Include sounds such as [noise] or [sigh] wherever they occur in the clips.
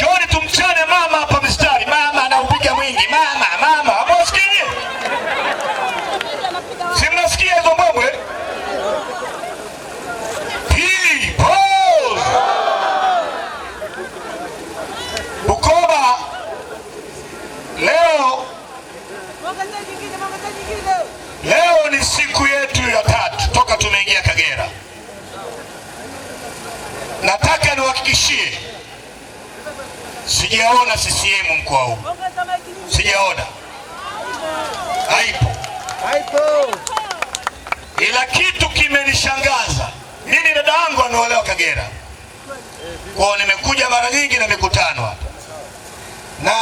Njoni tumcha sijaona CCM mkoa huu, sijaona, haipo. Ila kitu kimenishangaza nini, dada yangu anaolewa Kagera kwao, nimekuja mara nyingi na mikutano hapa na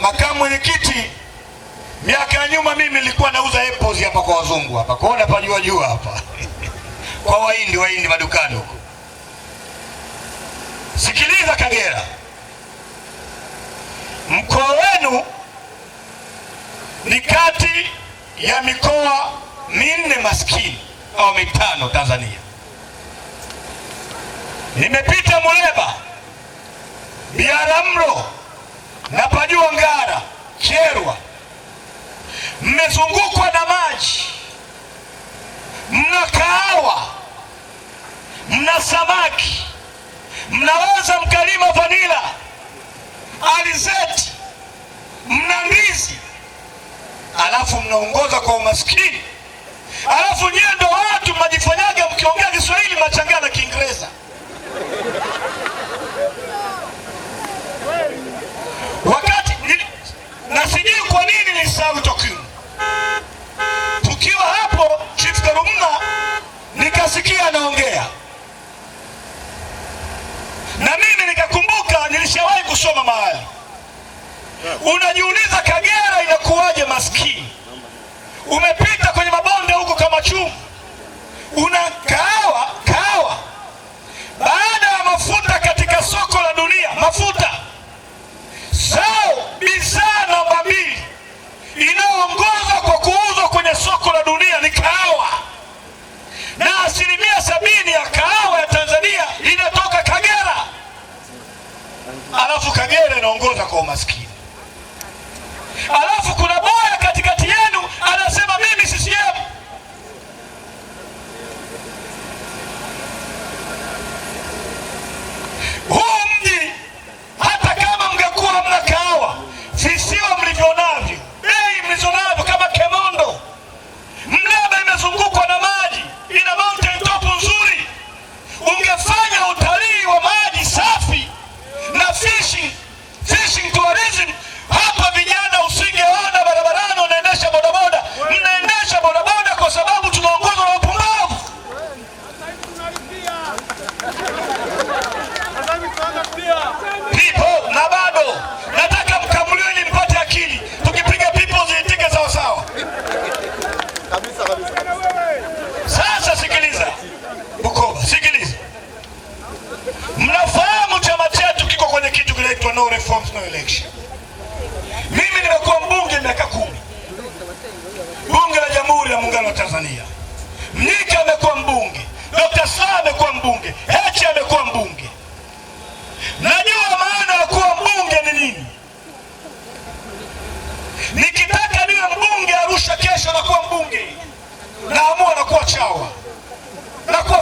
makamu mwenyekiti. Miaka ya nyuma mimi nilikuwa nauza apples hapa kwa wazungu hapa, kuona pajua jua hapa [laughs] kwa wahindi, wahindi madukani huko. Sikiliza Kagera Mkoa wenu ni kati ya mikoa minne maskini au mitano Tanzania. Nimepita Muleba, Biaramro na Pajua Ngara, cherwa Mmezungukwa na maji, mna kahawa, mna samaki, mnaweza mkalima vanila alizeti, mna ndizi, alafu mnaongoza kwa umaskini, alafu nyie ndo watu mnajifanyaga mkiongea Kiswahili mnachangana na Kiingereza. Wakati na sijui kwa nini nisahau takwimu, tukiwa hapo Chief Karumna nikasikia anaongea na mimi nika Nimeshawahi kusoma mahali, unajiuliza Kagera inakuwaje maskini? Umepita kwenye mabonde huko kama chumu, una kahawa kahawa, baada ya mafuta katika soko la dunia, mafuta sao bidhaa namba mbili inayoongoza kwa kuuzwa kwenye soko la dunia ni kahawa, na asilimia sabini ya kahawa alafu Kagera inaongoza kwa umaskini, alafu kuna boya katikati yenu anasema mimi sisi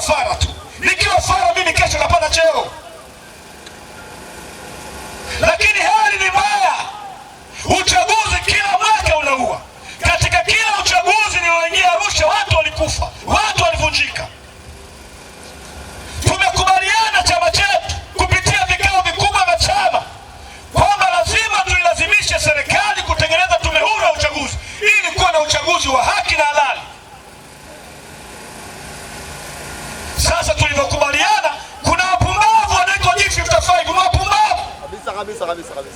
fara tu, nikiwa fara mimi kesho napata cheo. Lakini hali ni mbaya, uchaguzi kila mwaka unaua. Katika kila uchaguzi nilioingia Arusha watu walikufa, watu walivunjika. Tumekubaliana chama chetu kupitia vikao vikubwa vya chama kwamba lazima tuilazimishe serikali kutengeneza tume huru ya uchaguzi ili kuwa na uchaguzi wa haki na halali. সাহাবি সাহাবি সাহাবি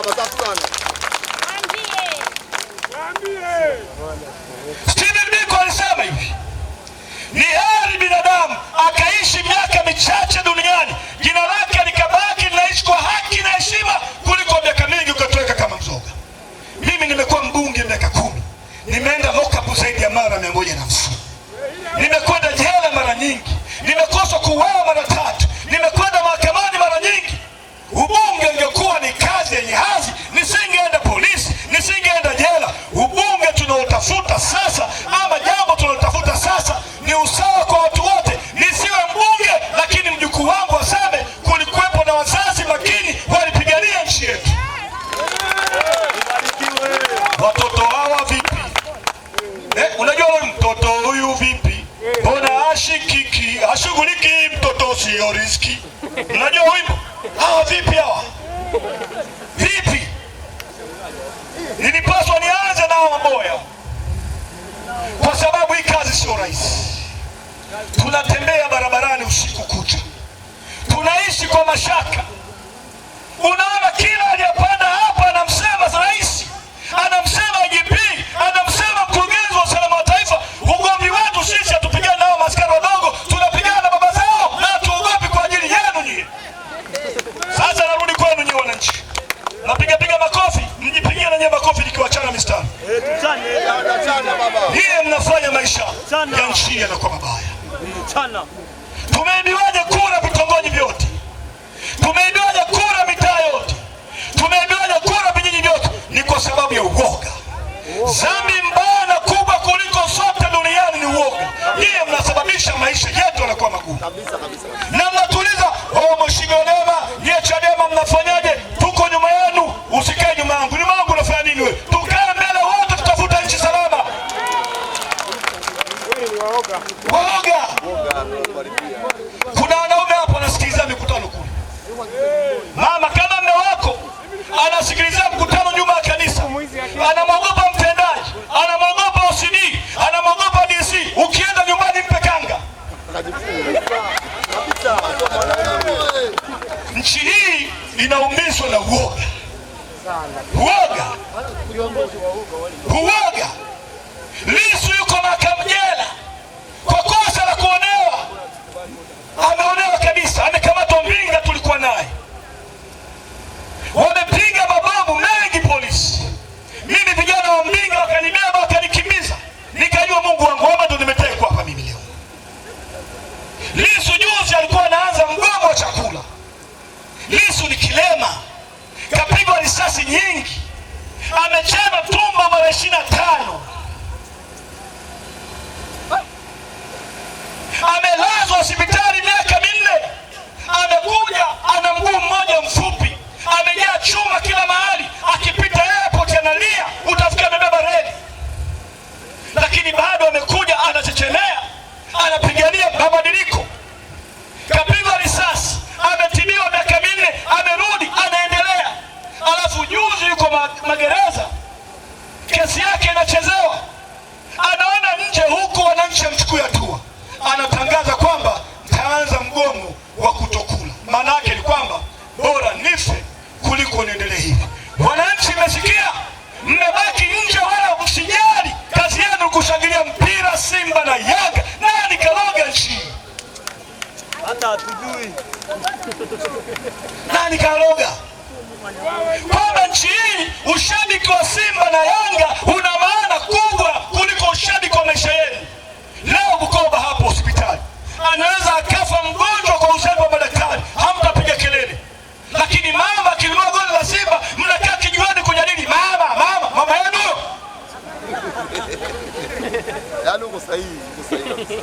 baba, safi sana. Stephen Biko alisema hivi, ni heri binadamu akaishi miaka michache duniani, jina lake likabaki linaishi kwa haki na heshima, kuliko miaka mingi ukatoweka kama mzoga. Mimi nimekuwa mbunge miaka kumi, nimeenda lokapu zaidi ya mara mia moja na hamsini, nimekwenda jela mara nyingi, nimekosa kuuawa mara Unajua wimbo hawa? Vipi hawa vipi? Nilipaswa nianze hawa mboya. kwa sababu hii kazi sio rahisi. Tunatembea barabarani usiku kucha, tunaishi kwa mashaka, unaona kila mnafanya makofi likiwachana mistari. Yeye mnafanya maisha ya nchi yanakuwa mabaya. Tumeambiwaje? inaumizwa na uoga. Uoga, uoga nyingi, amecheza tumbo mara ishirini na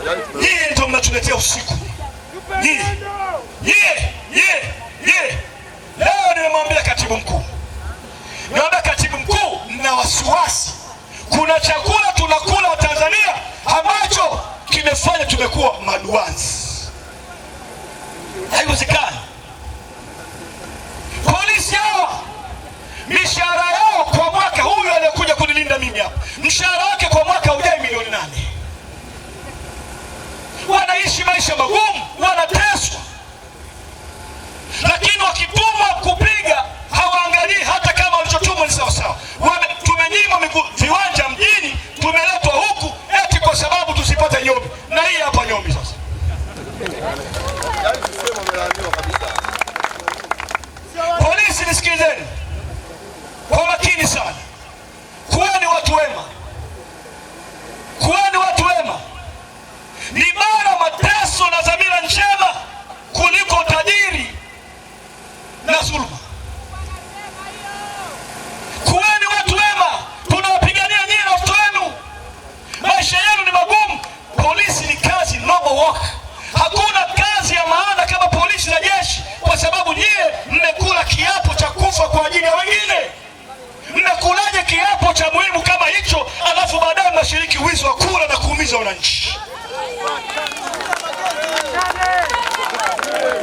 Yaani Nyie ndio mnatuletea usiku. Nyie. Nyie. Nyie. Leo nimemwambia katibu mkuu, naomba katibu mkuu, mna wasiwasi, kuna chakula tunakula wa Tanzania ambacho kimefanya tumekuwa maduanzi. Haiwezekani. Polisi hawa mishahara yao kwa mwaka, huyu aliyekuja kunilinda mimi hapa, mshahara wake kwa mwaka wanaishi maisha magumu, wanateswa, lakini wakitumwa kupiga hawaangalii hata kama walichotumwa ni sawasawa. Tumenyimwa viwanja mjini, tumeletwa huku eti kwa sababu tusipate Nyomi, na hii hapa Nyombi sasa Polisi, nisikilizeni kwa makini sana, kuweni watu wema. washiriki wizi wa kura na kuumiza wananchi.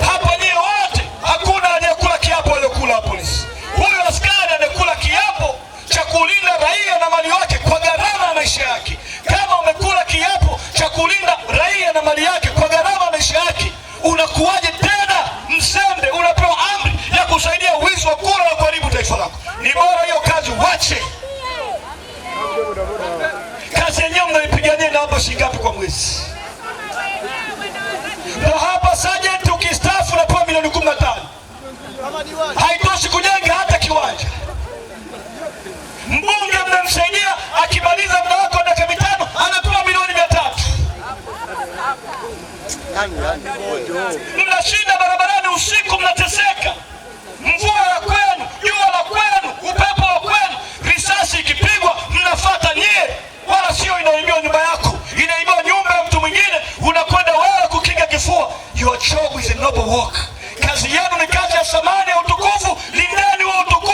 Hapa nyie wote, hakuna anayekula kiapo aliyokula polisi. Huyo askari anayekula kiapo cha kulinda raia na mali wake kwa gharama ya maisha yake. Kama umekula kiapo cha kulinda raia na mali yake kwa gharama ya maisha yake, unakuwaje tena mzembe, unapewa amri ya kusaidia wizi wa kura na kuharibu taifa lako? Ni bora hiyo mnaomba shilingi ngapi kwa mwezi? Na hapa sajenti ukistaafu unapewa milioni kumi na haitoshi kujenga hata kiwanja. Mbunge mnamsaidia akimaliza muda wako dakika mitano anapewa milioni mia tatu. Mnashinda barabarani usiku, mnateseka, mvua ya kwenu, jua la kwenu, upepo wa kwenu, risasi ikipigwa mnafata nyie, wala sio inaoimiwa nyumba yako inaibiwa nyumba ya mtu mwingine, unakwenda wewe kukinga kifua. Your job is a noble work. Kazi yenu ni kazi ya samani ya utukufu. Lindeni wa utukufu.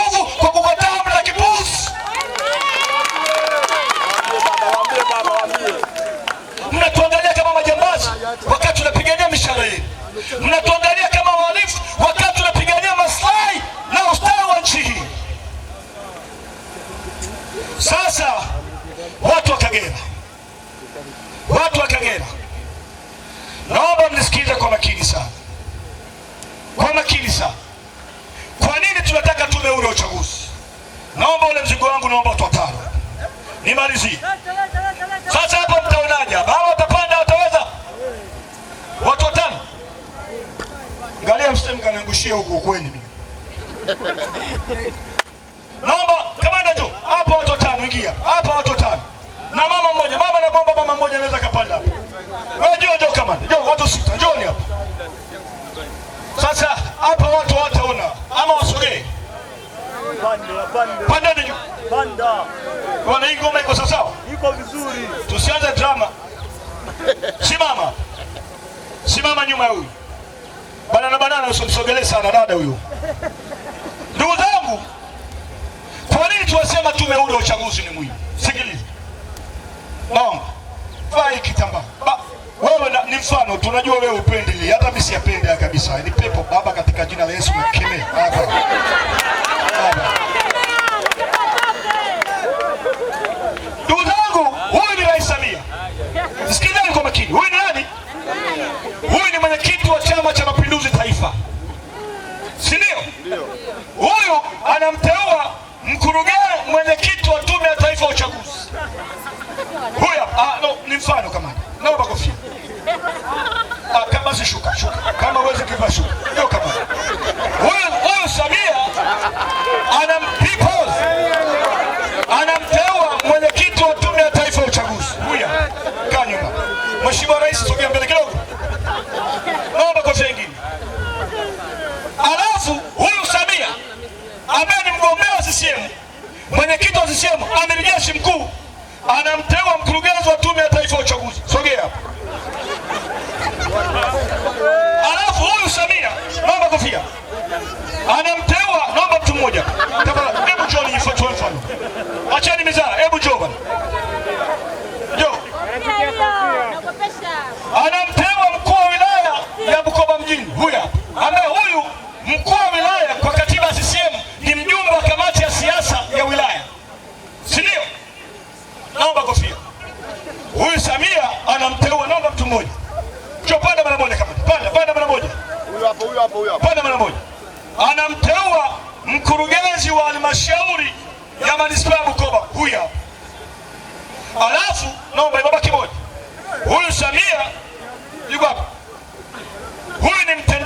hizi. Sasa hapo mtaonaje? Hao watapanda, wataweza watu watano. Angalia, msije mkaniangushia huko ukweni. Naomba kamanda jo, hapo watu watano, ingia Hapo watu watano na mama mmoja. Mama na baba, mama mmoja anaweza kapanda hapo. Wewe jo jo, kamanda jo, watu sita, ni hapo sasa. hapo watu wataona ama wasogee, panda panda, panda. Bwana hii ngoma iko sawa sawa? Iko vizuri. Tusianze drama. [laughs] Simama. Simama nyuma huyu. Banana banana, usimsogelee sana dada huyu. Ndugu zangu, kwa nini tuwasema tume huru ya uchaguzi ni muhimu? Sikiliza. Naomba. Vaa kitambaa. Wewe na, ni mfano, tunajua wewe upendi, hata mimi siyapendi kabisa. Ni pepo baba, katika jina la Yesu nakemea. Baba. Huyu ni nani? Huyu ni mwenyekiti wa Chama cha Mapinduzi Taifa, si ndio? Huyu anamteua mkurugenzi, mwenyekiti wa Tume ya Taifa ya Uchaguzi. Huyu ah, no, ni mfano kama naomba kofia ah, kama sishuka anamteua mkurugenzi wa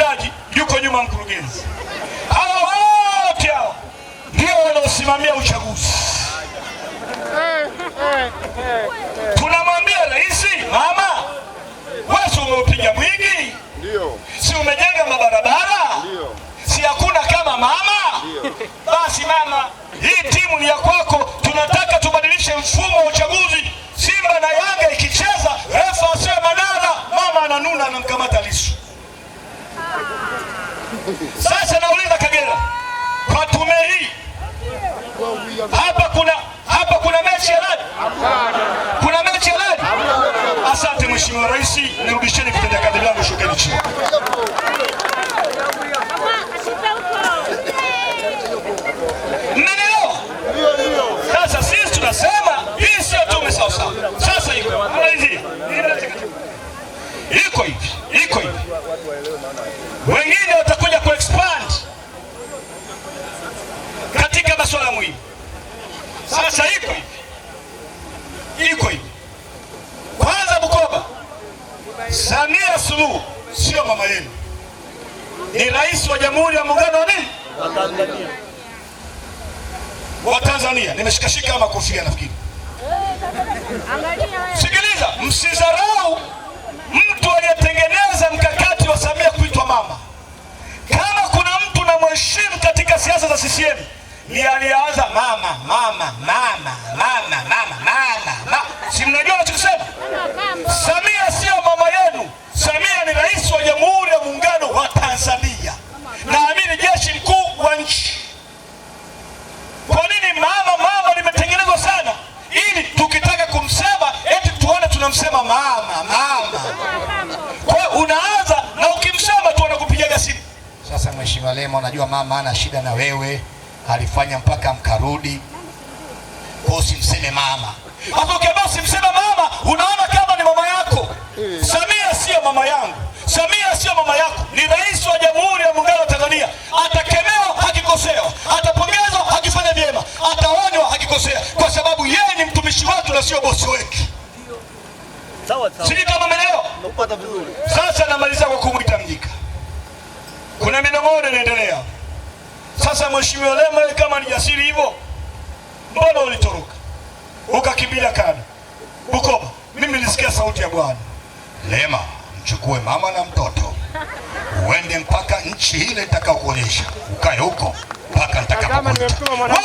mtendaji yuko nyuma mkurugenzi. Hawa wote hawa ndio wanaosimamia uchaguzi. Tunamwambia rais, mama, wewe umeupiga mwingi, si umejenga mabarabara, si hakuna kama mama. Basi mama, hii timu ni ya kwako. Tunataka tubadilishe mfumo wa uchaguzi. Simba na Yanga ikicheza, refa asema nana, mama ananuna, anamkamata Lissu. Sasa nauliza Kagera, kwa tume hii hapa kuna hapa kuna mechi ya nani? Kuna mechi ya nani? Asante Mheshimiwa Rais, nirudisheni vitenda kazi vyangu, shukeni chini. Mmenelewa? Sasa sisi tunasema hii sio tume sawasawa. wengine watakuja kuexpand katika masuala muhimu. Sasa iko hivi, iko hivi. Kwanza Bukoba, Samia Suluhu sio mama yenu, ni rais wa Jamhuri ya Muungano wa nini wa Tanzania. Nimeshikashika ama kofia nafikiri. Sikiliza, msizarau mtu aliyetengeneza heshimu katika siasa za CCM ni alianza mama mama mama mama mama mama Si mnajua nachokisema? Samia sio mama yenu. Samia ni rais wa Jamhuri ya Muungano wa Tanzania na jeshi mkuu wa nchi. Kwa nini mama mama limetengenezwa sana, ili tukitaka kumsema eti tuone tunamsema mama mama. Sasa Mheshimiwa Lema, unajua mama ana shida na wewe, alifanya mpaka mkarudi. Kwa usimseme mama, ambuke bosi mseme mama. Unaona kama ni mama yako. Samia sio mama yangu, Samia sio mama yako, ni rais wa Jamhuri ya Muungano wa Tanzania. Atakemewa akikosewa, atapongezwa akifanya vyema, ataonywa hakikosea, kwa sababu yeye ni mtumishi wetu na sio bosi wetu. Sijui kama umeelewa. Sasa namaliza kwa kumwita Mnyika kuna minong'ono inaendelea sasa. Mheshimiwa Lema kama ni jasiri hivyo, mbona ulitoroka ukakimbia kana Bukoba? Mimi nilisikia sauti ya Bwana, Lema mchukue mama na mtoto uende mpaka nchi ile nitakayokuonyesha, ukae huko mpaka nitakapokuita.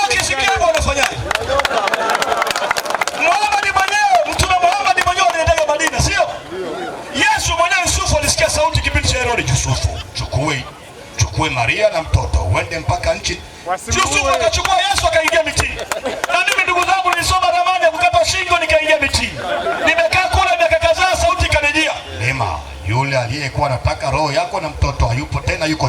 Ukisikia hivyo unafanyaje? Muhammad mwenyewe Mtume Muhammad mwenyewe alienda Madina, sio Yesu mwenyewe. Yusufu alisikia sauti kipindi cha Herode, Yusufu chukue mchukue Maria na mtoto uende mpaka nchi. Yusufu akachukua Yesu akaingia mitini. Na mimi ndugu zangu, nilisoma ramani ya kukata shingo nikaingia mitini. Nimekaa kula miaka kadhaa, sauti ikanijia, Lema, yule aliyekuwa anataka roho yako na mtoto hayupo tena, yuko